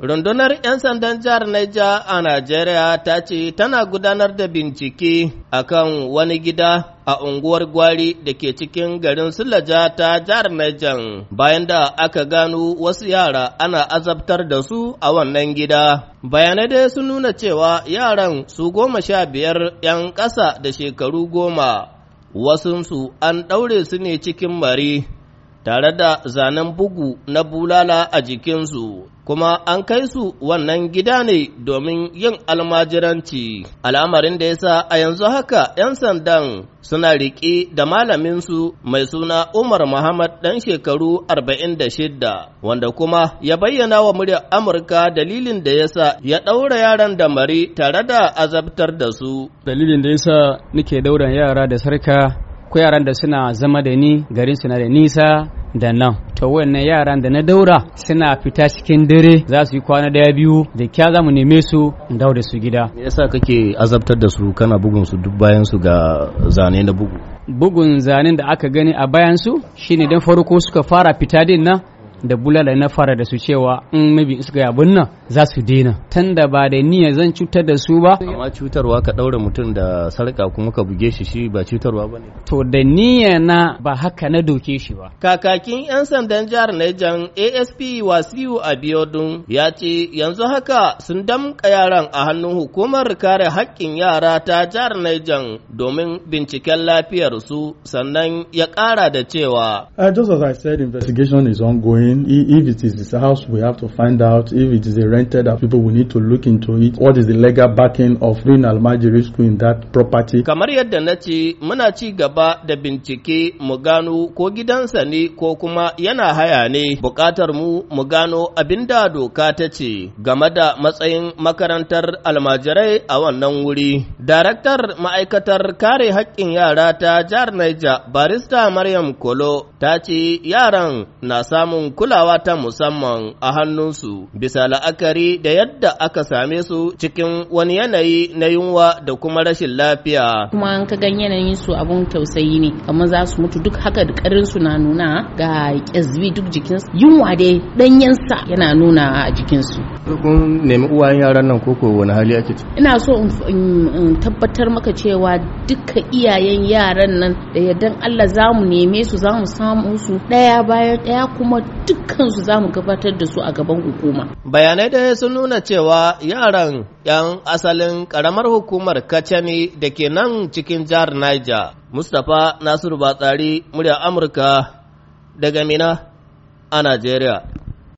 Rundunar 'yan sandan jihar Naija a Najeriya ta ce tana gudanar da bincike a kan wani gida a unguwar Gwari da ke cikin garin Sulaja ta jihar Naijan bayan da aka gano wasu yara ana azabtar da su a wannan gida. Bayanai dai sun nuna cewa yaran su goma sha biyar 'yan ƙasa da shekaru goma, wasunsu an ɗaure su ne cikin mari. tare da zanen bugu na bulala a jikinsu, kuma an kai su wannan gida ne domin yin almajiranci, al'amarin da yasa a yanzu haka ‘yan sandan suna riƙe da malaminsu mai suna Umar Muhammad ɗan shekaru arba'in da 46, wanda kuma ya bayyana wa muryar Amurka dalilin da yasa ya ɗaura yaran da mari tare da azabtar da su. Dalilin da yasa sa nake daura yara da sarka ko yaran da suna zama da ni garin suna da nisa da nan to wannan yaran da na daura suna fita cikin dare za su yi kwana daya biyu da kya za mu neme su in dawo da su gida me yasa kake azabtar da su kana bugun su duk bayan su ga zane na bugu bugun zanen da aka gani a bayan su shine dan farko suka fara fita din nan da bulala na fara da su cewa in mabi in suka yabin nan za su daina Tanda ba da niyya zan cutar da su ba amma cutarwa ka daura mutum da sarka kuma ka buge shi shi ba cutarwa bane to da niyya na ba haka na doke shi ba kakakin yan sandan jihar Niger ASP Wasiu Abiodun ya ce yanzu haka sun damka yaran a hannun hukumar kare haƙƙin yara ta jihar Niger domin binciken lafiyar su sannan ya ƙara da cewa uh, just as I said investigation is ongoing in. If it is this house, we have to find out. If it is a rented house, people we need to look into it. What is the legal backing of Green Almajiri school in that property? Kamar yadda na ce, muna ci gaba da bincike mu gano ko gidansa ne ko kuma yana haya ne. Bukatar mu mu gano abin da doka ta ce game da matsayin makarantar almajirai a wannan wuri. Daraktar ma'aikatar kare haƙƙin yara ta jihar Niger, barista Maryam Kolo ta ce yaran na samun kulawa ta musamman a hannunsu bisa la'akari da yadda aka same su cikin wani yanayi na yunwa da kuma rashin lafiya. Kuma an ka gan yanayin su abun tausayi ne kamar za su mutu duk haka da karin su na nuna ga kyazbi duk jikinsu yunwa dai ɗanyensa yana nuna a jikinsu. kun nemi uwayen yaran nan koko wani hali ake ci ina so in tabbatar maka cewa duka iyayen yaran nan da dan Allah za mu neme su za mu samu su daya bayan daya kuma dukkan su za mu gabatar da su a gaban hukuma bayanai da sun nuna cewa yaran yan asalin karamar hukumar Kacani da ke nan cikin jihar Niger Mustapha Nasiru Batsari murya Amurka daga Mina a Najeriya